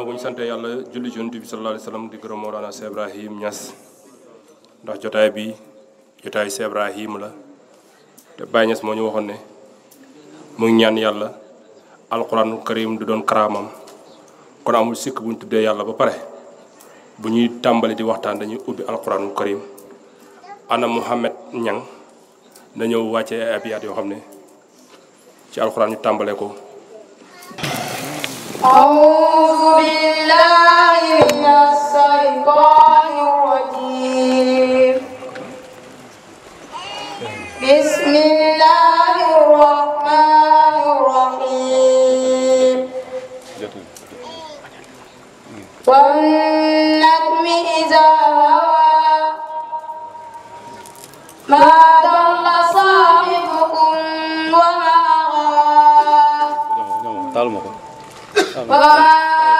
ginnaaw bu ñu sante yàlla julli ci yonent bi sallallahu alayhi wasallam di gërëm Mawlana Cheikh Ibrahim Niass ndax jotaay bi jotaay Cheikh Ibrahim la te Baye Niass moo ñu waxoon ne mu ñaan yàlla alquran karim du doon karaamam kon amul sikk bu ñu tuddee yàlla ba pare bu ñuy tàmbali di waxtaan dañuy ubbi alquran karim ana Mouhamed Niang na ñëw wàcce ay abiyaat yoo xam ne ci alquran ñu tàmbale ko أعوذ بالله من الشيطان الرجيم بسم الله الرحمن الرحيم والنجم إذا هوى ما ضل صاحبكم وما غوى Bye. Bye.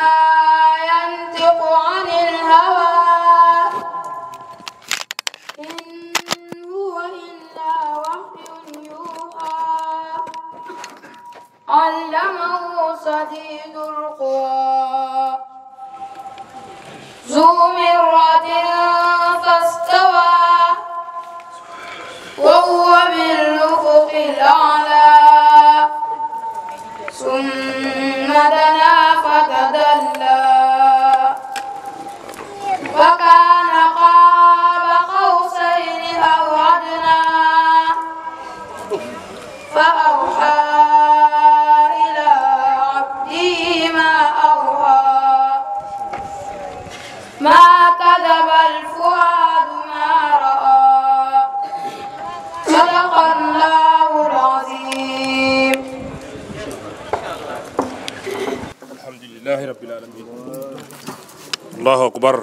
allahu akbar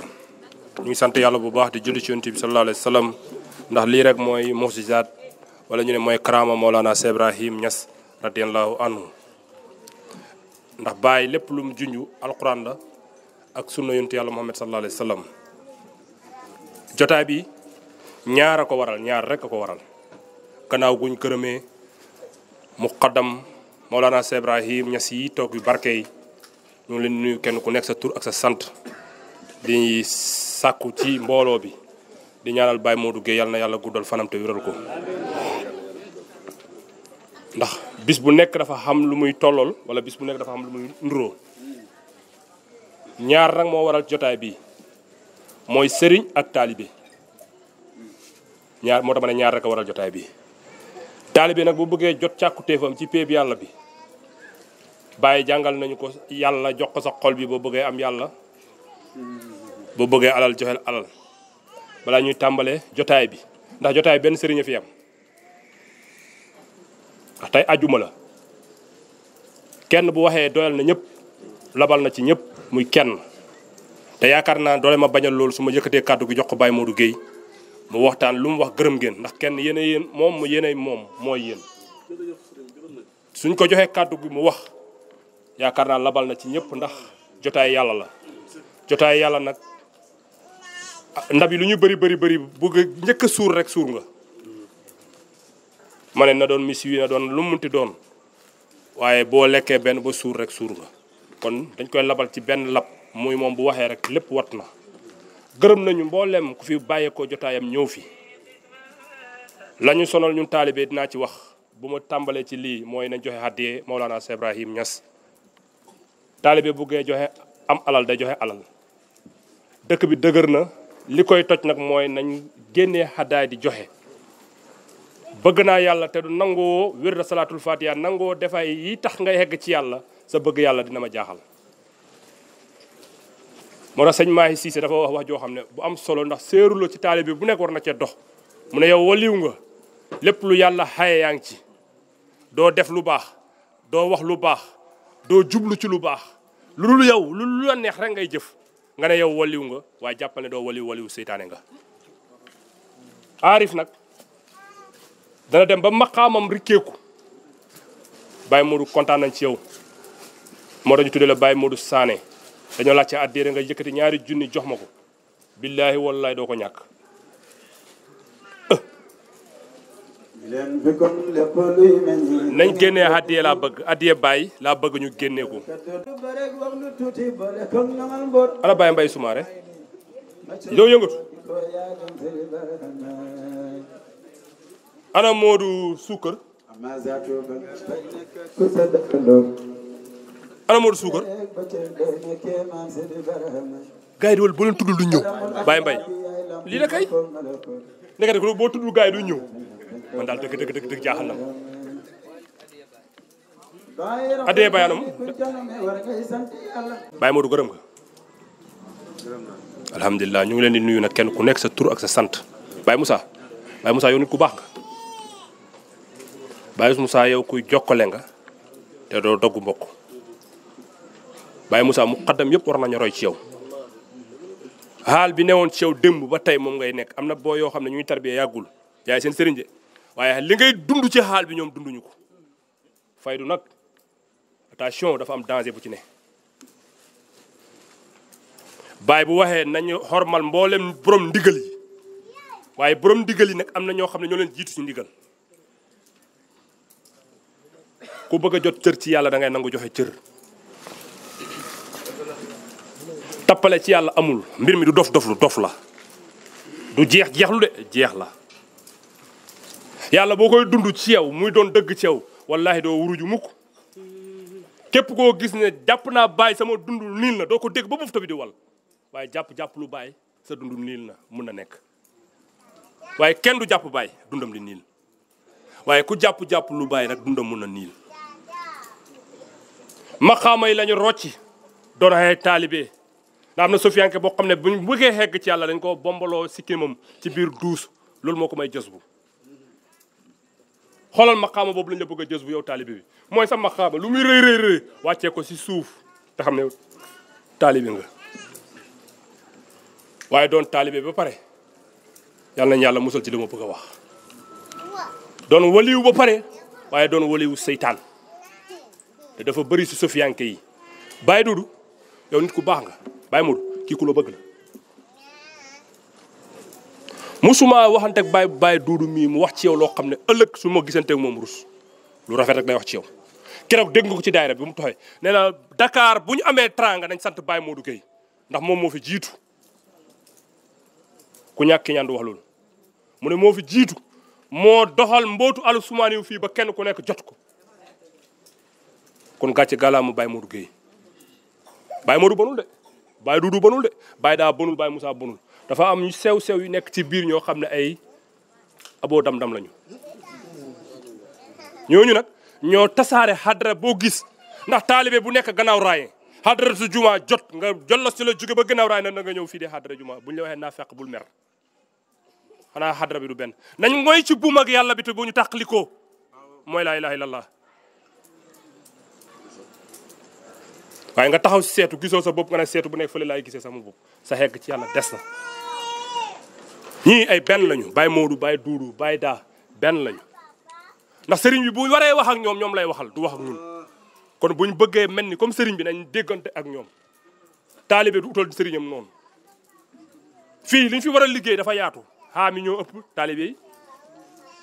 ñu sant yàlla bu baax di julli ci yonent bi sallallahu alayhi wa sallam ndax lii rek mooy muxjizaat wala ñu ne mooy karaama Mawlana Cheikh Ibrahim Niass radiyallahu anhu ndax bàyyi lépp lu mu junj alquran la ak sunna yonent yàlla Muhammad sallallahu alayhi wa sallam jotaay bi ñaar ko waral ñaar rek a ko waral guñ gërëmee muqaddam Mawlana Cheikh Ibrahim ñas yi toog yu barke yi ñu ngi leen nuyu kenn ku nekk sa tur ak sa sant di sàkku ci mbooloo bi di ñaanal Baye moo duggee yàlla na yàlla guddal fanam te wéral ko ndax bis bu nekk dafa xam lu muy tollool wala bis bu nekk dafa xam lu muy nduróo ñaar nag moo waral jotaay bi mooy sëriñ ak taalibe ñaar moo tax ma ne ñaar rek a waral jotaay bi taalibe nag boo bëggee jot càkkutéefam ci péeb yàlla bi bàyyi jàngal nañu ko yàlla jox ko sa xol bi boo bëggee am yàlla boo bëggee alal joxeel alal balaa ñuy tàmbale jotaay bi ndax jotaay benn sëriñ a fi am ndax tey ajjuma la kenn bu waxee doyal na ñëpp labal na ci ñëpp muy kenn te yaakaar naa doole ma bañal loolu su ma yëkkatee kàddu gi jox ko Baye Modou Guèye mu waxtaan lu mu wax gërëm ngeen ndax kenn yéen a yéen moom mu yéen moom mooy yéen suñ ko joxee kàddu gi mu wax yaakaar naa labal na ci ñëpp ndax jotaay yàlla la jotaay yàlla nag ndab yi lu ñu bëri bëri bëri bu njëkk a suur rek suur nga ma ne na doon miss doon lu doon waaye boo lekkee benn ba suur rek suur nga kon dañ koy labal ci benn lab muy moom bu waxee rek lépp wat na gërëm nañu mboolem ku fi bàyyeekoo jotaayam ñëw fi la ñu sonal dinaa ci wax bu ma tàmbalee ci lii mooy nañ joxe haddiyee Maulana Cheikh Ibrahim Niass taalibe buggee joxe am alal da joxe alal dëkk bi dëgër na li koy toj nag mooy nañ génne xaddaay di joxe bëgg naa yàlla te du nangoo wér da salaatul fatiha nangoo defay yi tax nga yegg ci yàlla sa bëgg yàlla dina ma jaaxal moo tax sëñ Mahi Cissé dafa wax wax joo xam ne bu am solo ndax séeruloo ci taalibe bi bu nekk war na cee dox mu ne yow waliw nga lépp lu yàlla xaye yaa ngi ci doo def lu baax doo wax lu baax doo jublu ci lu baax lu dul yow lu la neex rek ngay jëf nga ne yow walliw nga waaye jàppale ne doo waliw waliw seytaane nga aarif nag dana dem ba maqaamam rikkeeku Baye Modou kontaan nañ ci yow moo dañu tuddee la Baye Modou Sané dañoo laajte addiere nga yëkkati ñaari junni jox ma ko billaahi wallaahi doo ko ñàkk nañ génnee addiye laa bëgg addiye bàyyi laa bëgg ñu génnee ko ala bàyyi mbay sumaare yow yëngatu ana moodu suukar ana moodu wal boo tuddul du ñëw bàyyi mbay lii la kay nekkati ko boo tuddul gars yi du ñëw man daal dëgg dëgg dëgg dëgg jaaxal na ma addee bayaanam bàyyi Modou gërëm nga alhamdulilah ñu ngi leen di nuyu nag kenn ku nekk sa tur ak sa sant Baye Moussa Baye Moussa yow nit ku baax nga Baye Moussa yow kuy jokkale nga te doo doggu mbokk Baye musaa mu kaddam yëpp war nañu roy ci yow xaal bi newoon ci yow démb ba tey moom ngay nekk am na boo yoo xam ne ñu ngi tarbiyee yàggul yaay seen sëriñ de waaye li ngay dund ci xaal bi ñoom dunduñu ko fay faydu nag attention dafa am danger bu ci ne baay bu waxee nañu xormal mboolem borom ndigal waaye borom ndigal yi nag am na ñoo xam ne ñoo leen jiitu ci ndigal ku bëgg a jot cër ci yàlla dangay nangu joxe cër tappale ci yàlla amul mbir mi du dof dof lu dof la du jeex jeexlu de jeex la yàlla boo koy dund ci yow muy doon dëgg ci yow wallahi doo wuruju mukk képp koo gis ne jàpp naa baay sama dund niil na doo ko dégg ba bufta bi di wal waaye jàpp-jàpp lu baay sa dund niil na mun na nekk waaye kenn du jàpp baay dundam di niil waaye ku jàpp-jàpp lu baay nag dundam mun na niil maxaama yi lañu rocci doon ay taalibe ndax am na sofiyanke boo xam ne buñ bëggee xegg ci yàlla dañ ko bombaloo moom ci biir duus loolu moo ko may jos xoolal maqaama boobu lañ la bëgg a jës bu yow taalibe bi mooy sa maqaama lu muy rëy rëy rëy wàccee ko si suuf te xam ne taalibe nga waaye doon taalibe ba pare yàlla nañ yàlla musal ci li ma bëgg a wax doon waliwu ba pare waaye doon waliwu seytaan te dafa bëri si sofiyanke yi bàyyi dudu yow nit ku baax nga bàyyi mudu kii ku la bëgg la musuma waxante baay Baye Baye Doudou mii mu wax ci yow loo xam ne ëllëg su ma gisante ak moom rus lu rafet rek lay wax ci yow keroog dégg nga ko ci daayira bi mu toxee nee na Dakar bu ñu amee tranga nañ sant Baye Modou Gueye ndax moom moo fi jiitu ku ñàkk ñaan du wax loolu mu ne moo fi jiitu moo doxal mbootu alu sumaani yu fii ba kenn ku nekk jot ko kon gàcce gàllaamu mu Modou Gueye Baye Modou bonul de Baye Doudou bonul de Baye daa bonul Baye Moussa bonul dafa am ñu sew sew yu nekk ci biir ñoo xam ne ay aboo dam-dam lañu ñoo ñu nag ñoo tasaare xadra boo gis ndax taalibe bu nekk gannaaw raaye xadra su juma jot nga jollos ci la jóge ba gannaaw raaye nag na ñëw fii de xadra juma bu ñu la waxee naa fekk bul mer bi du benn nañ mooy ci buum ak yàlla bi te bu ñu tàqlikoo mooy laa ilaha illallah waaye nga taxaw si seetu gisoo sa bopp nga ne seetu bu nekk fële laay gisee sama bopp sa xegg ci yàlla des na ñii ay benn lañu Baye Modou Baye Doudou Baye daa benn lañu ndax sëriñ bi bu waree wax ak ñoom ñoom lay waxal du wax ak ñun kon ñu bëggee mel ni comme sëriñ bi nañ déggante ak ñoom taalibe du utal sëriñam noonu fii liñ fi war a liggéey dafa yaatu xaam yi ñoo ëpp taalibe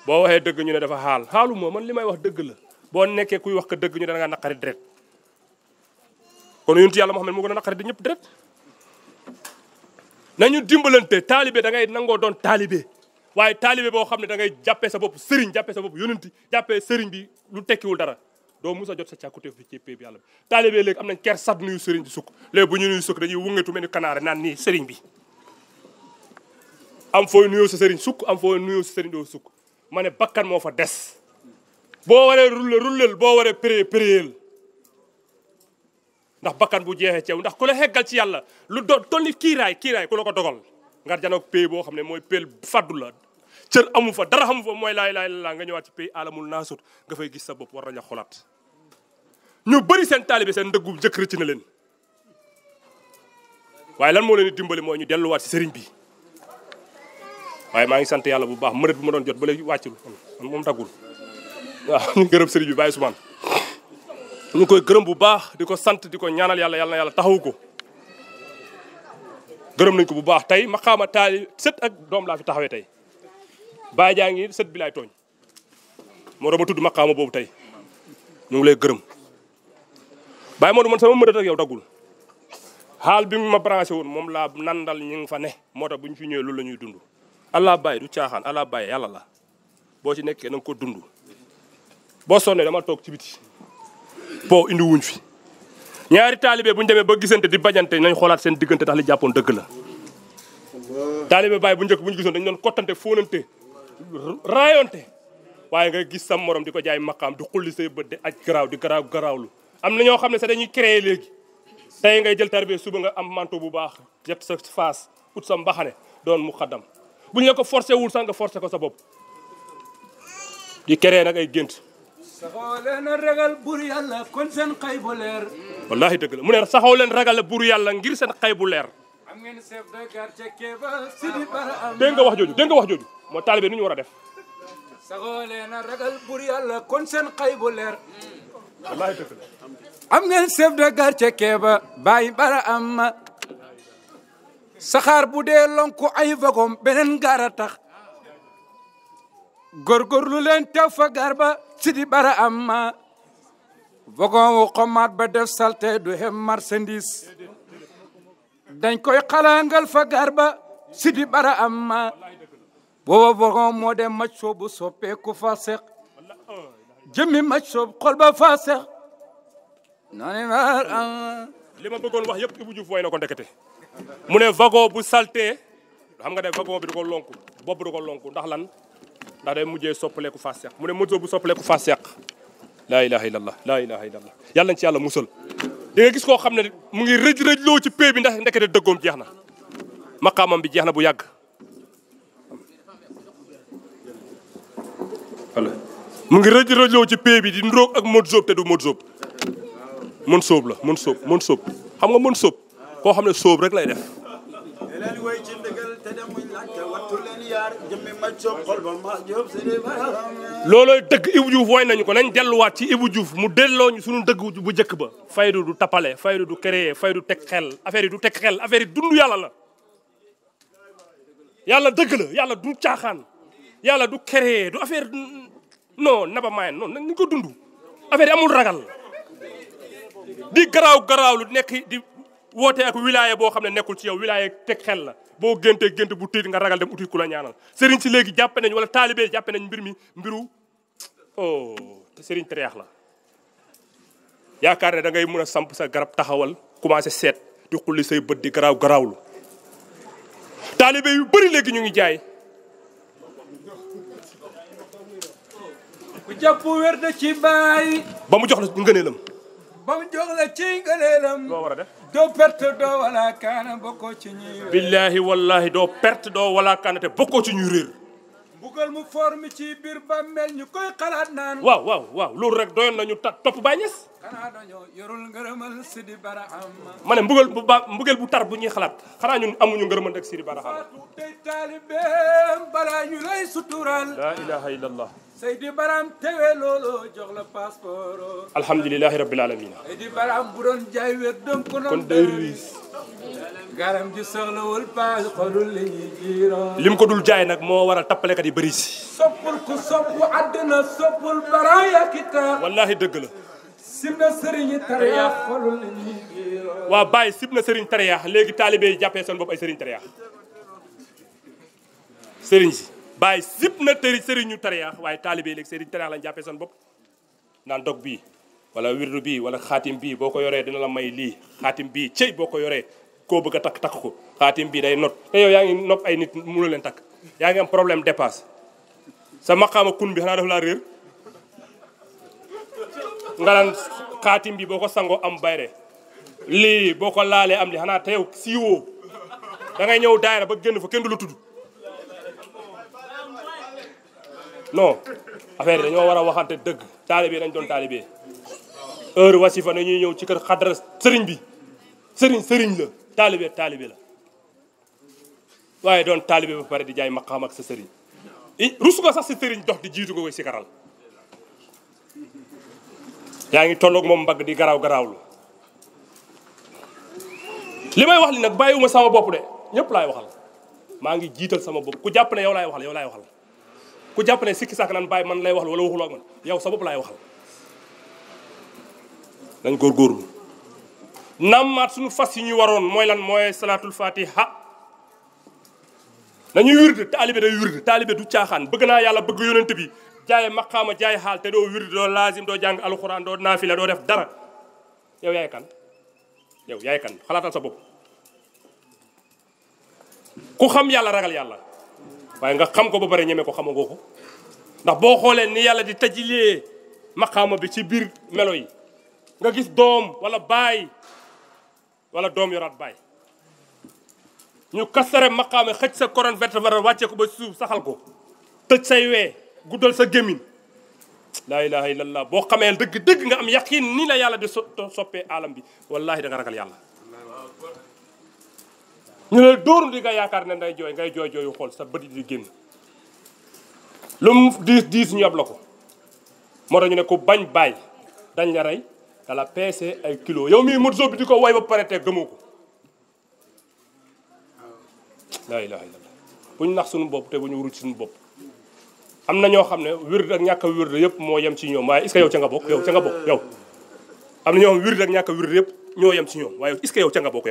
boo waxee dëgg ñu ne dafa xaal xaalu moo man li may wax dëgg la boo nekkee kuy wax ko dëgg ñu ne da ngaa naqari deret kon yonent yàlla Muhammad moo gën a naqari di ñëpp deret nañu dimbalante taalibe da ngay nangoo doon taalibe waaye taalibe boo xam ne da ngay jàppee sa bopp sëriñ jàppee sa bopp yonanti jàppee sëriñ bi lu tekkiwul dara doo mus a jot sa càkkuteef bi ci péeb yàlla bi taalibe am nañ ker sat nuyu sëriñ di sukk léegi bu ñu nuyu sukk dañuy wëngatu mel ni kanaare naan nii sëriñ bi am fooy nuyoo sa sëriñ sukk am fooy nuyoo sa sëriñ doo bakkan moo fa des boo waree rulle rullel boo waree pré préel ndax bakkan bu jeexee ceew ndax ku la xeggal ci yàlla lu do toll ni kiiraay kiiraay ku la ko dogal nga janoog pay boo xam ne mooy peel faddu la cër amu fa dara amu fa mooy laay laay la nga ñëwaat ci pay alamul naasut nga fay gis sa bopp war nañu xolaat ñu bëri seen taalibe seen ndëggu njëkk rëcc na leen waaye lan moo leen di dimbali mooy ñu delluwaat ci sëriñ bi waaye maa ngi sant yàlla bu baax mënat bu ma doon jot ba léegi wàccul moom daggul waaw ñu gërëm sëriñ bi bàyyi sumaan ñu ngi koy gërëm bu baax di ko sant di ko ñaanal yàlla yàlla yàlla taxawu ko gërëm nañ ko bu baax tey maqaama taali sët ak doom laa fi taxawee tey baay jaa ngi sët bi laay tooñ moo doon ma tudd maqaama boobu tey ñu ngi lay gërëm Baye Modou man sama mënat ak yow daggul xaal bi mu ma branché woon moom laa nandal ñu ngi fa ne moo tax bu fi ñëwee loolu la ñuy dund allah bàyyi du caaxaan allah bàyyi yàlla la boo ci nekkee nag ko dund boo sonnee dama toog ci biti boo indiwuñ fi ñaari taalibe bu ñu demee ba gisante di bañante nañ xoolaat seen diggante tax li jàppoon dëgg la taalibe baay bu njëkk bu ñu gisoon dañu doon kottante fóonante raayonte waaye nga gis sam morom di ko jaay maqaam di xulli say bët di aj garaaw di garaaw garaawlu am na ñoo xam ne sa dañuy créer léegi tey ngay jël tarbiya suba nga am manteau bu baax jet sa face ut sa mbaxane doon mu xaddam bu ñu la forcé wul sax nga forcé ko sa bopp di créer nag ay gént saxoo leen ragal buur yàlla kon seen xay bu leer. wallaahi dëgg la mu ne saxoo leen ragal buur yàlla ngir seen xay bu leer. am ngeen chef de quartier Kéba Sidi Bara. nga wax jooju dégg nga wax jooju moo taalibe nu ñu war a def. saxoo leen yàlla kon seen xay bu leer. wallaahi dëgg la. am ngeen chef de quartier Kéba Bara am. saxaar bu dee lonku ay vagom beneen gaara tax. góorgóorlu leen tew fa garba sidi bara amma wagon wu xomaat ba def salte du hem marchandise dañ koy xalaangal fa garba sidi bara amma booba wagon moo dem mac soobu soppeeku fa sex jëmmi mac soobu xol fa sex nani mar am li ma bëggoon wax yëpp Ibou Diouf way na ko ndekete mu ne wagon bu salte xam nga ne wagon bi du ko lonku bopp du ko lonku ndax lan ndax day mujjee soppaleeku fas yàq mu ne moto bu soppaleeku fas yàq laa ilaha illallah laa ilaha illallah yàlla nañ ci yàlla musal di nga gis koo xam ne mu ngi rëj rëj loo ci pay bi ndax ndekete dëggoom jeex na maqaamam bi jeex na bu yàgg voilà mu ngi rëj rëj loo ci pay bi di ndróog ak mot soob te du mot soob mën soob la mën soob mën soob xam nga mën soob koo xam ne soob rek lay def loolooy dëgg Ibou Diouf woy nañu ko nañ delluwaat ci Ibou Diouf mu delloo ñu sunu dëgg bu njëkk ba faydu du tapale faydu du créer faydu teg xel affaire du teg xel affaire yi dund yàlla la yàlla dëgg la yàlla du caaxaan yàlla du créer du affaire non naba maayen non nañ ko dund affaire amul ragal di garaaw garaaw lu nekk di woote ak wilaya boo xam ne nekkul ci yow wilaya teg xel la boo géntee gént bu tiit nga ragal dem uti ku la ñaanal sëriñ si léegi jàppe nañ wala taalibe jàppe nañ mbir mi mbiru oh te sëriñ la yaakaar ne dangay ngay mën a samp sa garab taxawal commencé seet di xulli say bët di garaaw garaawlu taalibe yu bëri léegi ñu ngi jaay ku jàpp wér de ci baay ba mu jox la ngëneelam ba mu jox la ci ngëneelam war def doo perte doo wala kaana bokkoo ci ñuy billahi wallahi doo perte doo wala te bokkoo ci ñuy réer mbugal mu foor ci biir bàmmeel ñu koy xalaat naan waaw waaw loolu rek doyoon nañu ta topp Baay Ñas xanaa dañoo yorul ngërëmal Sidi Baraham ma ne mbugal bu ba mbugal bu tar bu ñuy xalaat xanaa ñun amuñu ngërëmal rek Sidi Baraham tey taalibeem ñu lay sutural la ilaha illallah Seydi Baram tewe looloo jox bu doon jaay wér li lim ko dul jaay nag moo waral tappalekat yi bëri soppul ku soppu àddina soppul baraaya kita. wallaahi dëgg la. sib na sëriñ waa Baye sib sëriñ tariyaax léegi taalibe yi jàppee seen bopp ay sëriñ tariyaax sëriñ si. bàyyi sip na tëri sëriñu tariyaax waaye taalibe léegi sëriñ tariyaax la jàppee seen bopp naan dog bii wala wirdu bii wala xaatim bii boo ko yoree dina la may lii xaatim bii cey boo ko yoree koo bëgg a takk takk ko xaatim bii day not te yow yaa ngi nopp ay nit mënu leen takk yaa ngi am problème dépasse sa maqaama kun bi xanaa daf laa réer nga naan xaatim bi boo ko sangoo am bayre lii boo ko laalee am li xanaa te siiwoo da ñëw daayira ba génn fa kenn du la tudd non affaire yi dañoo war a waxante dëgg taalibe dañ doon taalibe heure wasifa na ñuy ñëw ci kër xadra sëriñ bi sëriñ sëriñ la taalibe taalibe la waaye doon taalibe ba pare di jaay maqaam ak sa sëriñ rus sax sa sëriñ dox di jiitu nga koy sikaral yaa ngi tolloog moom mbagg di garaaw garaawlu li may wax li nag bàyyiwuma sama bopp de ñëpp laay waxal maa ngi jiital sama bopp ku jàpp la yow laay waxal laay waxal ku jàpp ne sikki sàkk naan bàyyi man lay waxal wala waxul ak man yow sa bopp laay waxal dañ góorgóorlu nammaat suñu fas yi ñuy waroon mooy lan mooy salaatul fatiha nañu wird taalibe day wird taalibe du caaxaan bëgg naa yàlla bëgg yonent bi jaay maqaama jaay xaal te doo wird doo laazim doo jàng alxuraan doo naafila doo def dara yow yaay kan yow yaay kan xalaatal sa bopp ku xam yàlla ragal yàlla waaye nga xam ko ba pare ñeme ko xamagoo ko ndax boo xoolee ni yàlla di tajilee maqaama bi ci biir melo yi nga gis doom wala baay wala doom yoraat baay ñu kastare maqaama xëj sa colonne vertébrale wàccee ko ba suuf saxal ko tëj say wee guddal sa gémmiñ laa ilaha illallah boo xamee dëgg dëgg nga am yaqiin nii la yàlla di so soppee alam bi wallahi da nga ragal yàlla ñu la dóoru di nga yaakaar ne nday jooy ngay jooy jooyu xool sa bët di génn lu mu diis diis ñu ab la ko moo tax ñu ne ku bañ bàyyi dañ la rey dala peese ay kilo yow mii Modou Sow bi di ko way ba pare te gëmoo ko laa ilaaha illallaah bu ñu nax suñu bopp te bu ñu wurut suñu bopp am na ñoo xam ne wird ak ñàkk a wird yëpp moo yem ci ñoom waaye est-ce que ca nga bokk yow ca nga bokk yow am na ñoo xam wird ak ñàkk a wird yëpp ñoo yem ci ñoom waaye est-ce que ca nga bokk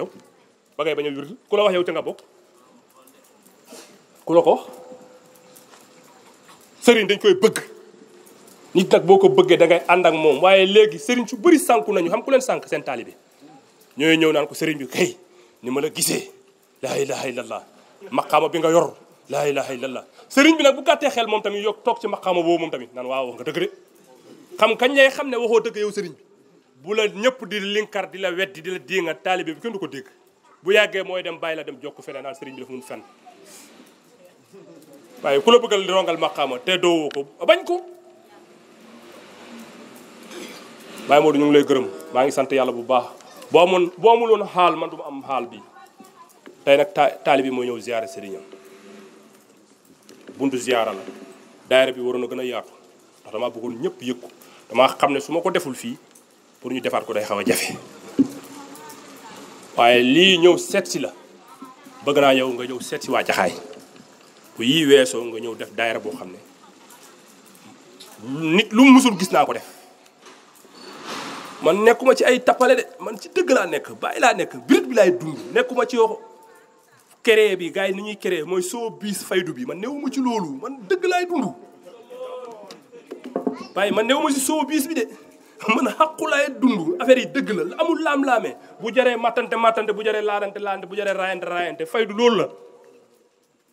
ba ngay bañ a wirdu ku la wax yow ca nga bokk ku la ko sëriñ dañ koy bëgg nit nag boo ko bëggee dangay ànd ak moom waaye léegi sëriñ su bëri sànku nañu xam ku leen sànk seen taalibe ñooy ñëw naan ko sëriñ bi kay ni ma la gisee laa ilaha laa maqaama bi nga yor laa ilaha illallah sëriñ bi nag bu gàttee xel moom tamit yokk toog ci maqaama boobu moom tamit naan waaw wax nga dëgg de xam kañ lay xam ne waxoo dëgg yow sëriñ bi bu la ñëpp di linkar di la weddi di la dénga taalibe bi ko dégg bu yàggee mooy dem bàyyi la dem jokk feneen naan sëriñ bi dafa mun fen waaye ku la bëggal rongal maqaama te doowoo bañ ko Baye Modou ngi lay gërëm maa ngi sant yàlla bu baax boo amoon boo amul woon xaal man ma am xaal bi tey nag ta taalibi moo ñëw ziyaare sëriñam buntu ziyaara la bi waroon a gën a yaatu ndax damaa ñëpp yëg damaa xam ne su ma ko deful fii pour ñu defaat ko day xaw a jafe waaye lii ñëw seet si la bëgg naa yow nga ñëw seet si waa jaxaay bu yii weesoo nga ñëw def daayira boo xam ne nit lu mu musul gis naa ko def man nekkuma ci ay tappale de man ci dëgg laa nekk bàyyi laa nekk birit bi laay dund nekkuma ci yoo créé bi gaa yi ni ñuy créé mooy soo biis faydu bi man newuma ci loolu man dëgg laay dund bàyyi man newuma ci soo biis bi de man xaqulaay dund affaire yi dëgg la amul laam-laamee bu jaree mattante mattante bu jaree laarante laadante bu jaree raayante raayante fay du loolu la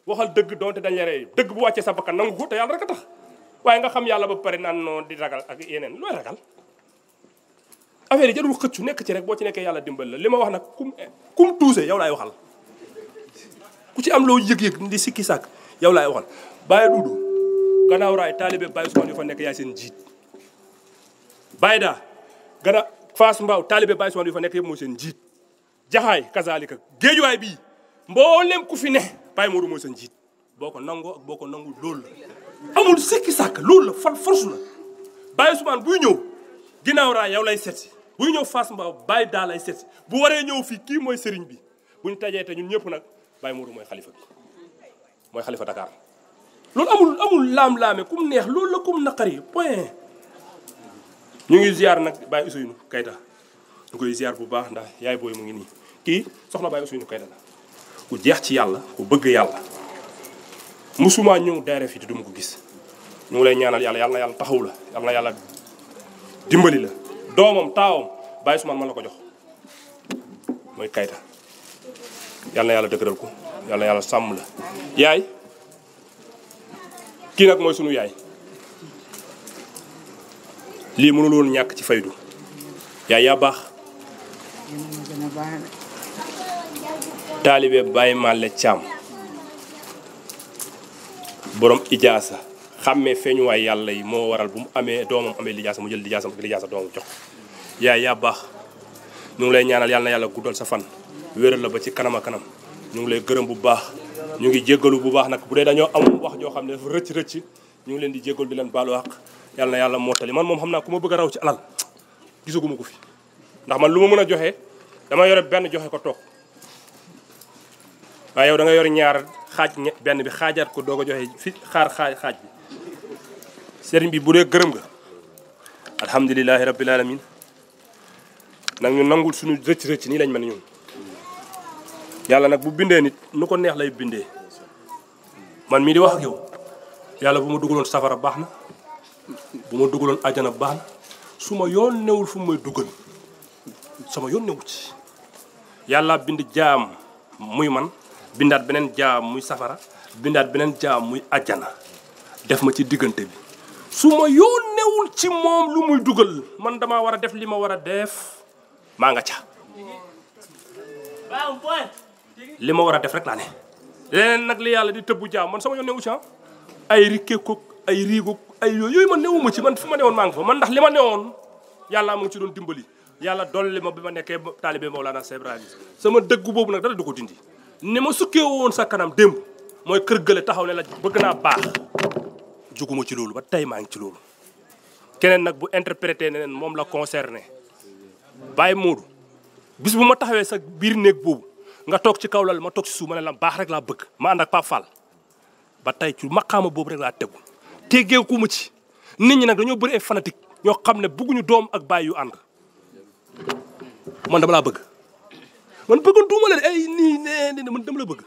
waxal dëgg donte dañ la dëgg bu wàccee sa bakkan nangu ko te yàlla rek a waaye nga xam yàlla ba pare naan noo di ragal ak yeneen looy ragal affaire nekk ci rek boo ci nekkee yàlla dimbal la li ma wax nag kum kum tuuse yow laay waxal ci am loo yëg-yëg di yow laay waxal bàyyi duudu gannaaw raay taalibe bàyyi Ousmane yu fa nekk yaay seen jiit bayda gana faas mbaaw taalibe Baye Soxna yu fa nekk yëpp mooy seen njiit jaxaay kazalika géejuwaay bii mboolem ku fi ne Baye Modou mooy seen njiit boo ko nangoo ak boo ko nangu loolu la amul sikki sàkk loolu la fal la Baye Soumane buy ñëw ginnaaw raa yow lay setsi buy ñëw faas mbaaw Baye daa lay setsi bu waree ñëw fii kii mooy sëriñ bi buñ tajee te ñun ñëpp nag Baye Modou mooy xalifa bi mooy xalifa Dakar loolu amul amul laam-laame kum neex loolu la kum naqari ñu ngi ziar nag Baye Ousseynou Kayta ñu koy ziar bu baax ndax yaay booy mu ngi nii kii soxna Baye Ousseynou Kayta la ku jeex ci yàlla ku bëgg yàlla musuma ñëw daayira fii te duma ko gis ñu ngi lay ñaanal yàlla yàlla na yàlla taxaw la yàlla na yàlla dimbali la doomam taawam Baye Ousmane ma la ko jox mooy Kayta yàlla yàlla dëgëral ko yàlla na yàlla sàmm la yaay kii nag mooy sunu yaay lii mënul woon ñàkk ci faydu yaay yaa baax taalibe Baye Malle Thiam borom ijaasa xàmmee feeñuwaay yàlla yi moo waral bu mu amee doomam amee lijaasa mu jël lijaasam ak lijaasa doomam jox yaay yaa baax ñu ngi lay ñaanal yàlla na yàlla guddal sa fan wéral la ba ci kanam kanam ñu ngi lay gërëm bu baax ñu ngi jéggalu bu baax nag bu dee dañoo amul wax ñoo xam ne dafa rëcc rëcc ñu ngi leen di jéggalu di leen baalu àq yàlla na yàlla mottali man moom xam naa ku ma bëgg a raw ci alal gisaguma ko fi ndax man lu ma mën a joxe dama yore benn joxe ko toog waaye yow da yore ñaar xaaj benn bi xaajaat ko doog a joxe fi xaar xaaj xaaj bi sëriñ bi bu dee gërëm nga alhamdulilahi rabbil alamin nag ñu nangul suñu rëcc rëcc ni lañ mel ñun yàlla nag bu bindee nit nu ko neex lay bindee man mii di wax ak yow yàlla bu ma dugaloon safara baax na bu ma dugaloon àjjana baax na su ma yoon newul fu may dugal sama yoon newul ci yàlla bind jaam muy man bindaat beneen jaam muy safara bindaat beneen jaam muy àjjana def ma ci diggante bi su ma yoon newul ci moom lu muy dugal man dama war a def li ma war a def maa nga ca li ma war a def rek laa ne leneen nag li yàlla di tëbbu jaam man sama yoon newu ci ah. ay rikkee ay riigoog ay yooyu yooyu man newuma ci man fu ma newoon maa ngi fa man ndax li ma newoon yàlla mu ngi ci doon dimbali yàlla dolli ma bi ma nekkee taalibe Mawlana Cheikh Ibrahima sama dëggu boobu nag dara du ko dindi ni ma sukkee woon sa kanam démb mooy kër gële taxaw ne la bëgg naa baax juguma ci loolu ba tey maa ngi ci loolu keneen nag bu interprété ne neen moom la concerné bàyyi moodu bis bu ma taxawee sa biir néeg boobu nga toog ci kaw lal ma toog ci suuma ma ne la baax rek laa bëgg ma ànd ak Pape Fall ba tey maqaama boobu rek laa tegu teggeeku ma ci nit ñi nag dañoo bëri ay fanatique ñoo xam ne bëgguñu doom ak baay yu ànd man dama laa bëgg man bëggoon duuma leen ay nii nee man dama la bëgg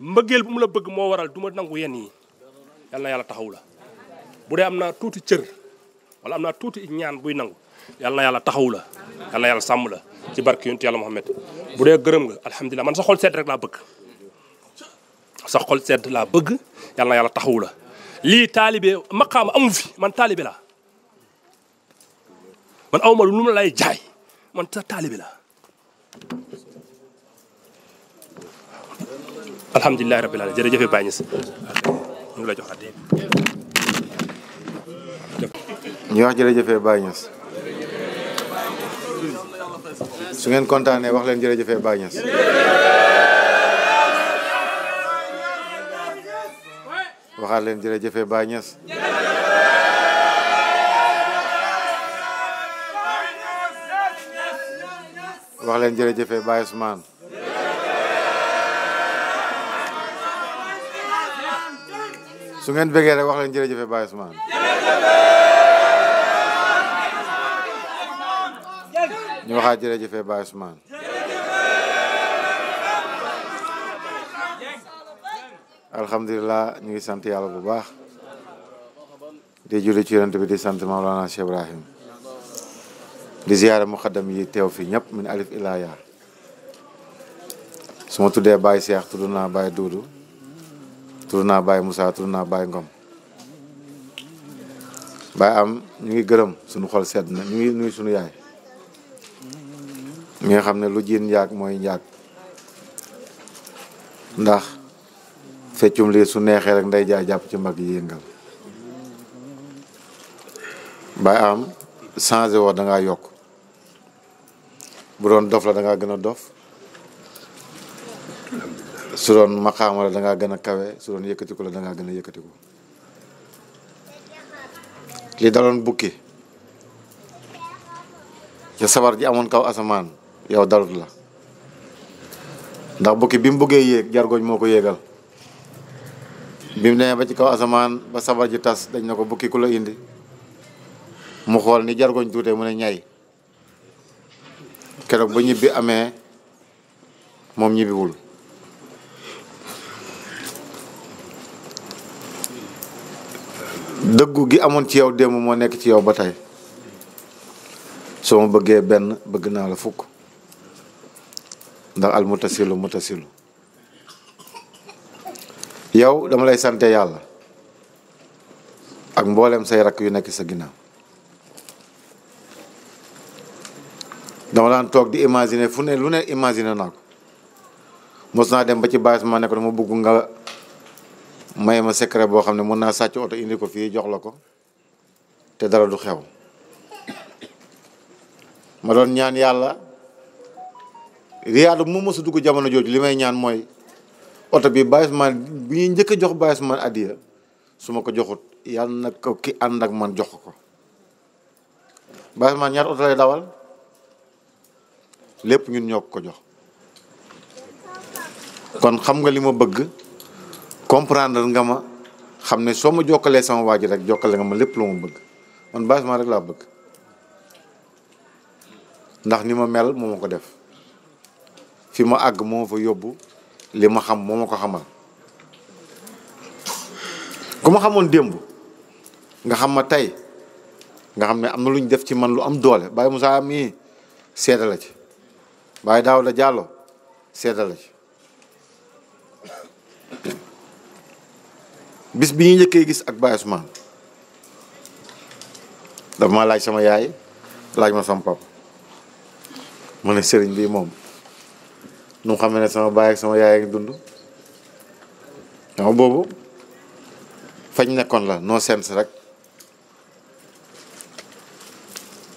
mbëggeel bu mu la bëgg moo waral du nangu yenn yi yal na yàlla taxaw la bu dee am naa tuuti cër wala am naa tuuti ñaan buy nangu yal na yàlla taxaw la yal na yàlla sàmm la ci barke yonent yàlla Muhammad bu dee gërëm nga alhamdulilah man sa xol sedd rek laa bëgg sa laa bëgg yal na yàlla taxaw la lii taalibe maqaam amu fi man taalibe laa man awma lu mu lay jaay man ta taalibe laa alhamdulilahi rabbil alamin jërëjëf Baye Niass ñu ngi la jox addi ñu wax jërëjëf Baye su ngeen kontaane wax leen jërëjëf Baye Niass waxaat leen jërëjëfe Baay Ñas wax leen jërëjëfe Baay Usmaan su ngeen bëggee rek wax leen jërëjëfe Baay Usmaan ñu waxaat jërëjëfe Baay alhamdulilah ñu ngi sant yàlla bu baax di julli ci yonent bi di sant Mawlana Cheikh Ibrahim di ziyaara muqaddam yi teew fi ñëpp min alif ilaa yaa su tuddee Baye Cheikh tudd naa Baye Doudou tudd naa Baye Moussa tudd naa Baye Ngom Baye am ñu ngi gërëm sunu xol sedd na ñu ngi nuyu suñu yaay mi nga xam ne lu jiin njaag mooy njaag ndax feccum su neexee rek nday jaay jàpp ci mbag yi yëngal bay am changé woo danga yokk bu doon dof la da ngaa gën a dof su doon maqaama la da ngaa gën a kawe su doon yëkkatiku la da gën a yëkkatiku li daloon bukki ca sabar ji amoon kaw asamaan yow dalut la ndax bukki bi mu bëggee yéeg jargoñ moo ko yéegal bi mu demee ba ci kaw asamaan ba sabar ji tas dañ na ko bukki ku la indi mu xool ni jargoñ tuute mu ne ñay keroog ba ñibbi amee moom ñibbiwul dëggu gi amoon ci yow démb moo nekk ci yow ba tey soo ma bëggee benn bëgg naa la fukk ndax al mutasilu mutasilu yow dama lay sante yàlla ak mboolem say rakk yu nekk sa ginnaaw dama daan toog di imaginer fu ne lu ne imagine naa ko mos naa dem ba ci bâche ma ne dama bëgg nga may ma secret boo xam ne mën naa sàcc oto indi ko fii jox la ko te dara du xew ma doon ñaan yàlla riyaadu mu mësu dugg jamono jooju li may ñaan mooy oto bi Baye Ousmane bi ñuy njëkk a jox Baye Ousmane addiya su ma ko joxut yàlla na ko ki ànd man jox ko Baye Ousmane ñaar oto lay dawal lépp ñun ñoo ko jox kon xam nga li ma bëgg comprendre nga ma xam ne soo ma jokkalee sama waa ji rek jokkale nga ma lépp lu ma bëgg man Baye rek laa bëgg ndax ni ma mel moo ma ko def fi ma àgg moo fa yóbbu li ma xam moo ma ko xamal ku ma xamoon démb nga xam ma tey nga xam ne am na lu ñu def ci man lu am doole Baye Moussa mii seede la ci Baye Daouda Diallo seede la ci bis bi ñu njëkkee gis ak Baye Ousmane dafa ma laaj sama yaay laaj ma sama papa sëriñ bi moom nu xam ne sama baay ak sama yaay ak dund dama boobu fañ nekkoon la noo sens rek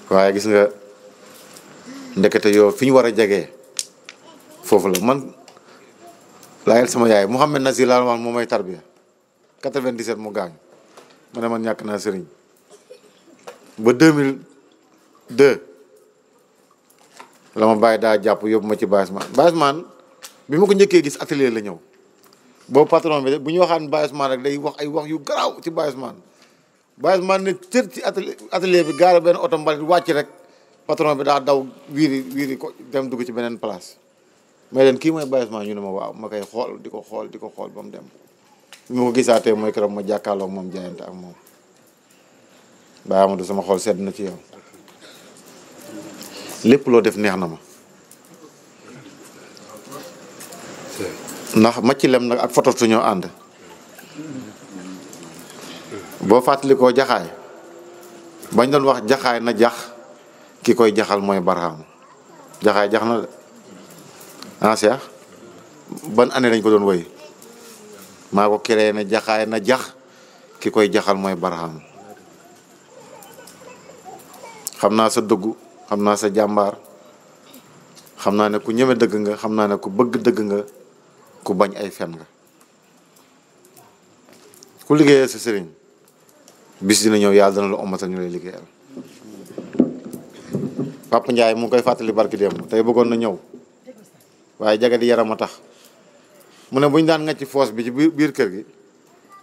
waaye gis nga ndekete yoo fi ñu war a jege foofu la man laayal sama yaay xam Mouhamed Nazir laa man moo may tarbiya 97 mu gaañ ma man ñàkk naa sëriñ ba 2002 la ma bàyyi daa jàpp yóbbu ma ci Baasman Baasman bi ma ko njëkkee gis atelier la ñëw boobu patron bi bu ñu waxaan Baasman rek day wax ay wax yu garaaw ci Baasman Baasman ne cër ci atelier atelier bi gaara benn oto mbalit wàcc rek patron bi daa daw wiiri wiiri ko dem dugg ci beneen place mais leen kii mooy Baasman ñu ne ma waaw ma koy xool di ko xool di ko xool ba mu dem bi ma ko gisaatee mooy keroog ma jàkkaarloo moom jaayante ak moom Baye Amadou sama xol sedd na ci yow. lépp loo def neex na ma ndax ma ci lem nag ak fototu ñoo ànd boo fàttalikoo jaxaay bañ doon wax jaxaay na jax ki koy jaxal mooy barxaamu jaxaay jax na de ah ban année lañ ko doon woy maa ko créé jaxaay na jax ki koy jaxal mooy barxaamu xam naa sa dëggu xam naa sa jàmbaar xam naa ne ku ñeme dëgg nga xam naa ne ku bëgg dëgg nga ku bañ ay fen nga ku liggéeyee si sëriñ bis dina ñëw yàlla dana la omatal ñu lay liggéeyal Papa Ndiaye mu ngi koy fàttali barki démb tey bëggoon na ñëw waaye jagadi yaram a tax mu ne bu ñu daan nga ci foos bi ci biir kër gi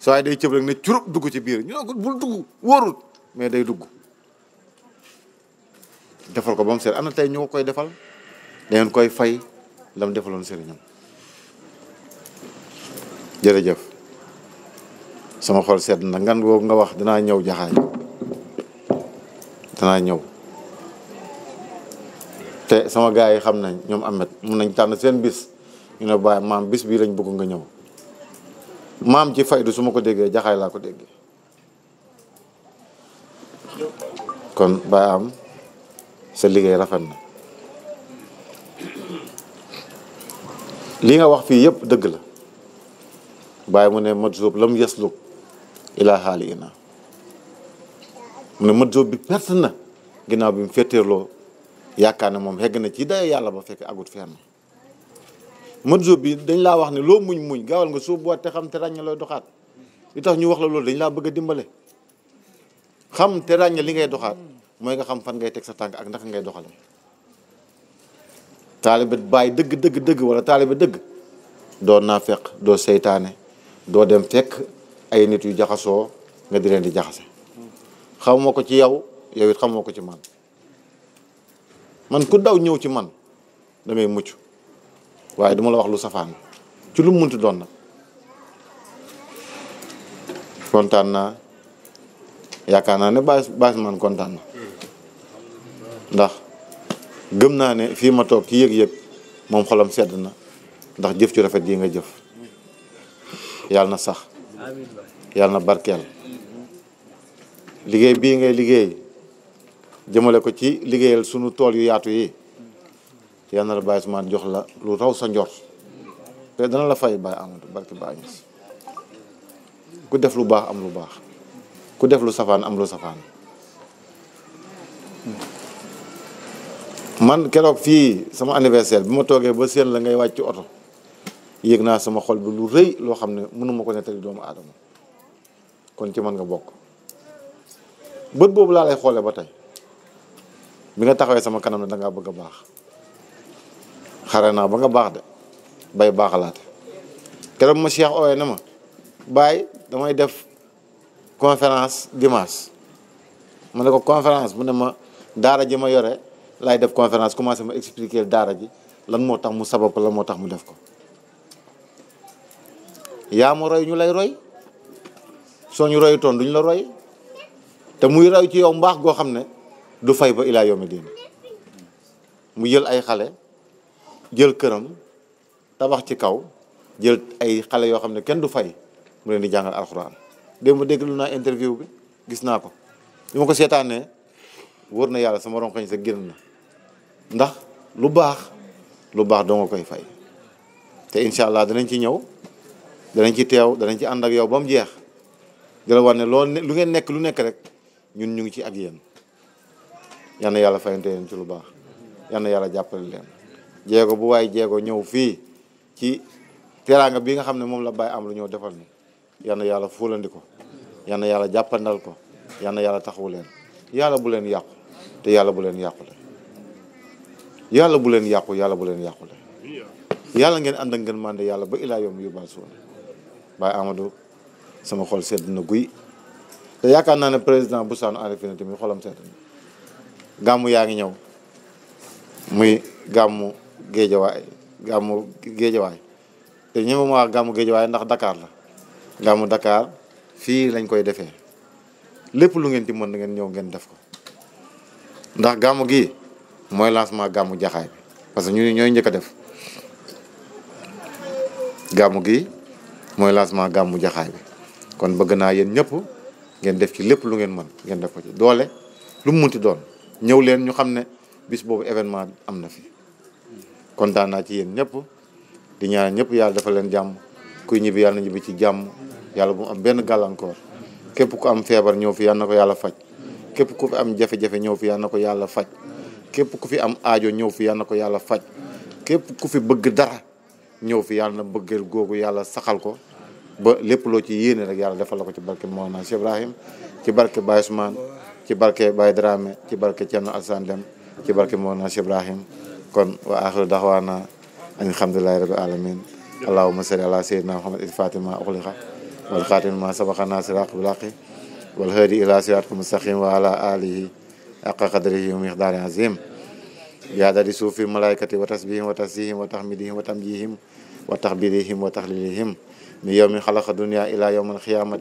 soo waaye day cëb rek ne curup dugg ci biir ñu ne ko bul dugg wóorul mais day dugg defal ko ba mu seet am na tey ñu koy defal dangeen koy fay la mu defaloon sëriñam jërëjëf sama xool sedd na ngan googu nga wax danaa ñëw jaxaay danaa ñëw te sama gaa yi xam nañ ñoom amet mun nañ tànn seen bis ñu ne bàyyi maam bis bii lañ bëgg nga ñëw maam ci faydu su ma ko déggee jaxaay laa ko déggee kon bàyyi am sa liggéey rafet na li nga wax fii yëpp dëgg la bàyyi mu ne mat jóob lam yasluk ilaa xaali ina mu ne mat bi perte na ginnaaw bi mu fetteerloo yaakaar ne moom hegg na ci day yàlla ba fekk agut fenn mat jóob bi dañ laa wax ne loo muñ muñ gaawal nga soo boot te xam te ràññe doxaat li tax ñu wax la loolu dañ laa bëgg a dimbale xam te ràññe li ngay doxaat mooy nga xam fan ngay teg sa tànk ak naka ngay doxale taalibe bàyyi dëgg dëgg dëgg wala taalibe dëgg doo naafeq doo seytaane doo dem fekk ay nit yu jaxasoo nga di leen di jaxase xamuma ko ci yow yow it xamuma ko ci man man ku daw ñëw ci man damay mucc waaye duma la wax lu safaan ci lu mu doon nag kontaan naa yaakaar naa ne baas baas man kontaan na ndax gëm naa ne fii ma toog ci yëg-yëg moom xolam sedd na ndax jëf ci rafet yi nga jëf yàlla na sax yàlla na barkeel liggéey bii ngay liggéey jëmale ko ci liggéeyal sunu tool yu yaatu yi yàlla na la Baye Ousmane jox la lu raw sa njort te dana la fay Baye Amadou barke Baye ku def lu baax am lu baax ku def lu safaan am lu safaan man keroog fii sama anniversaire bi ma toogee ba séen la ngay wàcc oto yéeg naa sama xol bi lu rëy loo xam ne mënuma ko nettali doomu aadama kon ci man nga bokk bët boobu laa lay xoolee ba tey bi nga taxawee sama kanam ne da bëgg a baax xare naa ba nga baax de bay baaxalaate keroog ma Cheikh ooyee ne ma baay damay def conférence dimanche ma ne ko conférence mu ne ma daara ji ma yore. laay def conférence commencé ma expliquer daara ji lan moo tax mu sabab lan moo tax mu def ko yaa ma roy ñu lay roy soo ñu royutoon duñ la roy te muy roy ci yow mbaax goo xam ne du fay ba ilaa mi diin mu jël ay xale jël këram tabax ci kaw jël ay xale yoo xam ne kenn du fay mu leen di jàngal alxuraan démb déglu naa interview bi gis naa ko li ma ko seetaanee wóor na yàlla sama ronkoñ sa génn na ndax lu baax lu baax doo nga koy fay te incha allah danañ ci ñëw danañ ci teew danañ ci ànd ak yow ba mu jeex di la war ne lu ngeen nekk lu nekk rek ñun ñu ngi ci ak yéen yal na yàlla fayante leen ci lu baax yal yàlla jàppale leen jéego bu waaye jéego ñëw fii ci teraanga bi nga xam ne moom la bàyyi am lu ñëw defal ni yal yàlla fuulandi ko yal na yàlla jàppandal ko yal yàlla taxawu leen yàlla bu leen yàqu te yàlla bu leen yàqule yàlla bu leen yàqu yàlla bu leen yàqule yàlla ngeen ànd ak ngeen mànde yàlla ba ilaa yom yu baasuwoon Baye Amadou sama xol sedd na guy te yaakaar naa ne président bu saanu ànd fi na tamit xolam sedd yaa ngi ñëw muy gàmmu géejawaay gàmmu géejawaay te ñëw ma wax gàmmu géejawaay ndax dakaar la gàmmu dakaar fii lañ koy defee lépp lu ngeen ci mën na ngeen ñëw ngeen def ko ndax gàmmu gi mooy lancement gàmmu jaxaay bi parce que ñu ñooy njëkk def gàmmu gi mooy lancement gàmmu jaxaay bi kon bëgg naa yéen ñëpp ngeen def ci lépp lu ngeen man ngeen def ko ci doole lu mu munti doon ñëw leen ñu xam ne bis boobu événement am na fi kontaan naa ci yéen ñëpp di ñaan ñëpp yàlla dafa leen jàmm kuy ñibbi yàlla na ñibbi ci jàmm yàlla bu am benn gàllankoor képp ku am feebar ñëw fi yàlla na ko yàlla faj képp ku fi am jafe-jafe ñëw fi yàlla na ko yàlla faj képp ku fi am aajo ñëw fi yal na ko yàlla faj képp ku fi bëgg dara ñëw fi yàlla na bëggeel googu yàlla saxal ko ba lépp loo ci yéene rek yàlla defal la ko ci barke Mawlana Cheikh Ibrahim ci barke Baye ci barke Baye ci barke Thierno Alassane ci barke Mawlana Cheikh Ibrahim kon wa axiru daxwaana alhamdulillahi rabbil alamin allahumma salli ala sayyidina muhammad alihi حق قدره ومقدار عظيم بعدد صوف الملائكة وتسبيحهم وتسيهم وتحميدهم وتمجيهم وتخبيرهم وتخليلهم من يوم خلق الدنيا إلى يوم القيامة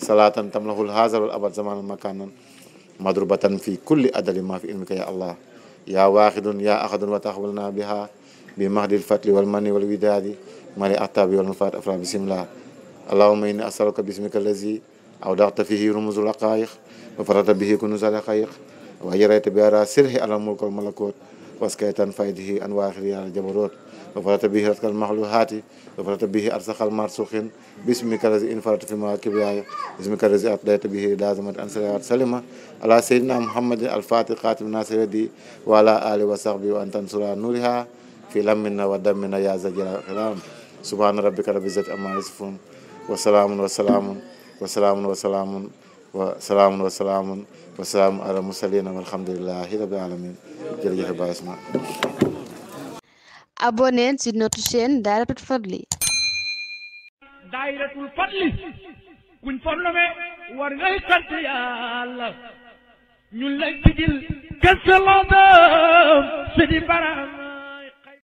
صلاة تملأ الهازل والأبد زمانا مكانا مضروبة في كل أدل ما في علمك يا الله يا واحد يا أحد وتحولنا بها بمهد الفتل والمن والوداد ملء التاب والمفات أفرا بسم الله اللهم إني أسألك باسمك الذي أودعت فيه رموز الحقائق وفرت به كنوز الحقائق وهجريت بأرى سره على الملك والملكوت واسكيتا فايده أنواع خيار الجبروت وفرت به رزق المخلوقات وفرت به أرزق المرسوخين باسمك الذي انفرت في مواكبها اسمك الذي أطلعت به لازمة أنصار سلمة على سيدنا محمد الفاتح خاتم ناصر الدين وعلى آله وصحبه وأن تنصر نورها في لمنا ودمنا يا زجر الكلام سبحان ربك رب العزة عما يصفون وسلام وسلام وسلام وسلام وسلام وسلام wasalaamu ala mursalina walhamdulilahi rabbil alamin jërëjëf Ba Isma abonnez si notre chaîne Dahiratoul Fadly Dahiratoul Fadly kuñ fornome war ngay sant yàlla ñun lañ ci jël kese la dem si di